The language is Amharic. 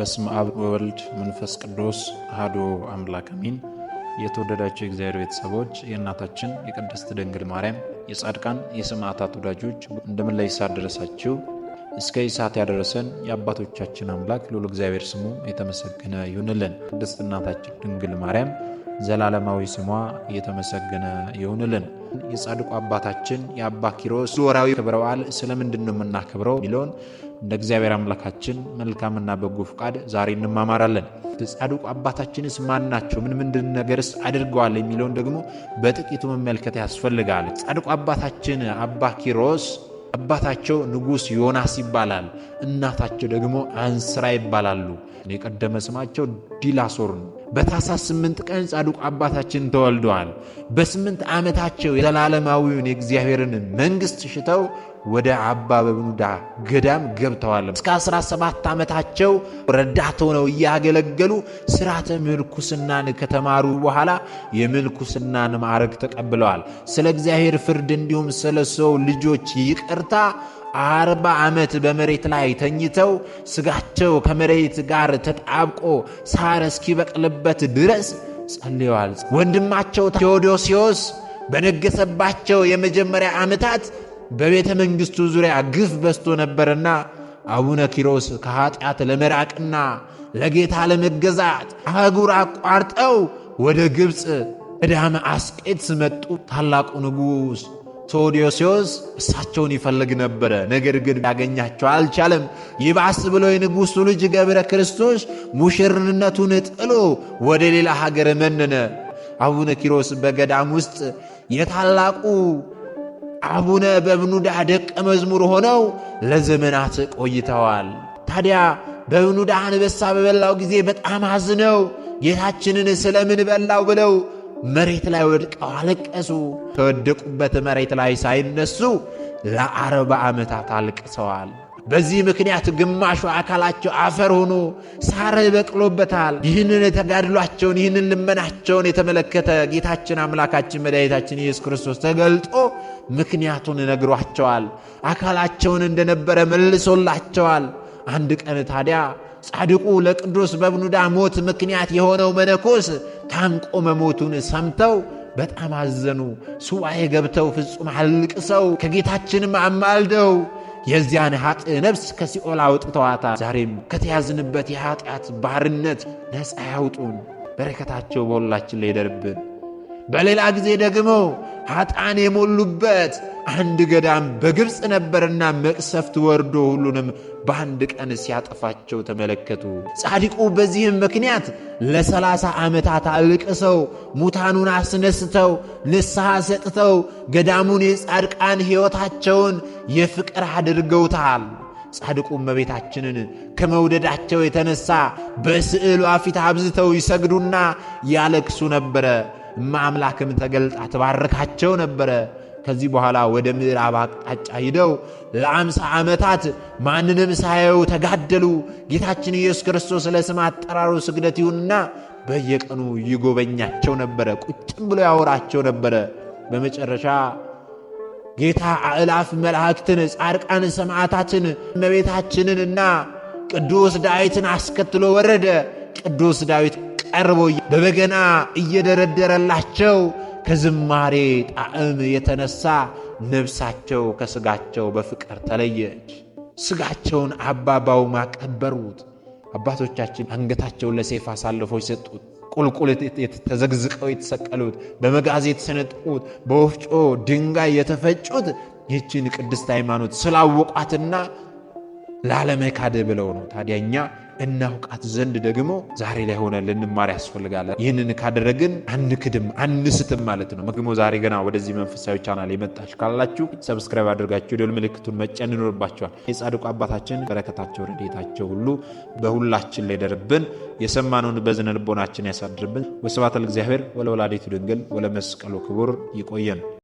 በስም አብ ወወልድ መንፈስ ቅዱስ አህዶ አምላክ አሚን። የተወደዳቸው የእግዚአብሔር ቤተሰቦች የእናታችን የቅድስት ድንግል ማርያም የጻድቃን የሰማዕታት ወዳጆች እንደምን ሳት ደረሳችሁ። እስከ ይሳት ያደረሰን የአባቶቻችን አምላክ ልዑል እግዚአብሔር ስሙ የተመሰገነ ይሁንልን። ቅድስት እናታችን ድንግል ማርያም ዘላለማዊ ስሟ እየተመሰገነ ይሁንልን። የጻድቁ አባታችን የአባ ኪሮስ ወርሃዊ ክብረ በዓል ስለምንድን ነው የምናከብረው የሚለውን እንደ እግዚአብሔር አምላካችን መልካምና በጎ ፍቃድ ዛሬ እንማማራለን። ጻድቁ አባታችንስ ማን ናቸው? ምን ምንድን ነገርስ አድርገዋል? የሚለውን ደግሞ በጥቂቱ መመልከት ያስፈልጋል። ጻድቁ አባታችን አባ ኪሮስ አባታቸው ንጉሥ ዮናስ ይባላል። እናታቸው ደግሞ አንስራ ይባላሉ። የቀደመ ስማቸው ዲላሶርን በታሳ ስምንት ቀን ጻድቁ አባታችን ተወልደዋል። በስምንት ዓመታቸው የዘላለማዊውን የእግዚአብሔርን መንግሥት ሽተው ወደ አባ በብኑዳ ገዳም ገብተዋል። እስከ 17 ዓመታቸው ረዳት ሆነው እያገለገሉ ስርዓተ ምልኩስናን ከተማሩ በኋላ የምልኩስናን ማዕረግ ተቀብለዋል። ስለ እግዚአብሔር ፍርድ እንዲሁም ስለ ሰው ልጆች ይቅርታ አርባ ዓመት በመሬት ላይ ተኝተው ስጋቸው ከመሬት ጋር ተጣብቆ ሳር እስኪበቅልበት ድረስ ጸልየዋል። ወንድማቸው ቴዎዶሲዎስ በነገሰባቸው የመጀመሪያ ዓመታት በቤተ መንግሥቱ ዙሪያ ግፍ በዝቶ ነበርና አቡነ ኪሮስ ከኃጢአት ለመራቅና ለጌታ ለመገዛት አህጉር አቋርጠው ወደ ግብፅ ዕዳመ አስቄጥስ መጡ። ታላቁ ንጉሥ ቴዎዶስዮስ እሳቸውን ይፈልግ ነበረ፣ ነገር ግን ያገኛቸው አልቻለም። ይባስ ብሎ የንጉሡ ልጅ ገብረ ክርስቶስ ሙሽርነቱን ጥሎ ወደ ሌላ ሀገር መነነ። አቡነ ኪሮስ በገዳም ውስጥ የታላቁ አቡነ በብኑዳ ደቀ መዝሙር ሆነው ለዘመናት ቆይተዋል። ታዲያ በብኑዳ አንበሳ በበላው ጊዜ በጣም አዝነው ጌታችንን ስለምን በላው ብለው መሬት ላይ ወድቀው አለቀሱ። ከወደቁበት መሬት ላይ ሳይነሱ ለአርባ ዓመታት አልቅሰዋል። በዚህ ምክንያት ግማሹ አካላቸው አፈር ሆኖ ሳር ይበቅሎበታል። ይህንን የተጋድሏቸውን ይህንን ልመናቸውን የተመለከተ ጌታችን አምላካችን መድኃኒታችን ኢየሱስ ክርስቶስ ተገልጦ ምክንያቱን ነግሯቸዋል። አካላቸውን እንደነበረ መልሶላቸዋል። አንድ ቀን ታዲያ ጻድቁ ለቅዱስ በብኑዳ ሞት ምክንያት የሆነው መነኮስ ታንቆ መሞቱን ሰምተው በጣም አዘኑ። ሱባኤ ገብተው ፍጹም አልቅሰው ከጌታችንም አማልደው የዚያን ኃጥ ነፍስ ከሲኦል አውጥተዋታ። ዛሬም ከተያዝንበት የኃጢአት ባርነት ነፃ ያውጡን። በረከታቸው በሁላችን ላይ ይደርብን። በሌላ ጊዜ ደግሞ ኃጣን የሞሉበት አንድ ገዳም በግብፅ ነበርና መቅሰፍት ወርዶ ሁሉንም በአንድ ቀን ሲያጠፋቸው ተመለከቱ። ጻድቁ በዚህም ምክንያት ለሰላሳ ዓመታት አልቅሰው ሙታኑን አስነስተው ንስሐ ሰጥተው ገዳሙን የጻድቃን ሕይወታቸውን የፍቅር አድርገውታል። ጻድቁ እመቤታችንን ከመውደዳቸው የተነሳ በስዕሏ ፊት አብዝተው ይሰግዱና ያለቅሱ ነበረ። ማምላክም ተገልጣ ትባርካቸው ነበረ። ከዚህ በኋላ ወደ ምዕራብ አቅጣጫ ሂደው ለአምሳ ዓመታት ማንንም ሳየው ተጋደሉ። ጌታችን ኢየሱስ ክርስቶስ ለስም አጠራሩ ስግደት ይሁንና በየቀኑ ይጎበኛቸው ነበረ። ቁጭም ብሎ ያወራቸው ነበረ። በመጨረሻ ጌታ አእላፍ መላእክትን፣ ጻድቃን ሰማዕታትን፣ እመቤታችንን እና ቅዱስ ዳዊትን አስከትሎ ወረደ። ቅዱስ ዳዊት ቀርቦ በበገና እየደረደረላቸው ከዝማሬ ጣዕም የተነሳ ነፍሳቸው ከስጋቸው በፍቅር ተለየች። ስጋቸውን አባባው ማቀበሩት። አባቶቻችን አንገታቸውን ለሰይፍ አሳልፎ የሰጡት፣ ቁልቁል ተዘግዝቀው የተሰቀሉት፣ በመጋዝ የተሰነጠቁት፣ በወፍጮ ድንጋይ የተፈጩት ይህችን ቅድስት ሃይማኖት ስላወቋትና ላለመካደ ብለው ነው። ታዲያ እኛ እናውቃት ዘንድ ደግሞ ዛሬ ላይ ሆነ ልንማር ያስፈልጋለን። ይህንን ካደረግን አንክድም፣ አንስትም ማለት ነው። ደግሞ ዛሬ ገና ወደዚህ መንፈሳዊ ቻናል የመጣችሁ ካላችሁ ሰብስክራይብ አድርጋችሁ ደወል ምልክቱን መጫን ይኖርባችኋል። የጻድቁ አባታችን በረከታቸው ረድኤታቸው ሁሉ በሁላችን ላይ ደርብን፣ የሰማነውን በዝነ ልቦናችን ያሳድርብን። ወስብሐት ለእግዚአብሔር ወለወላዲቱ ድንግል ወለመስቀሉ ክቡር። ይቆየን።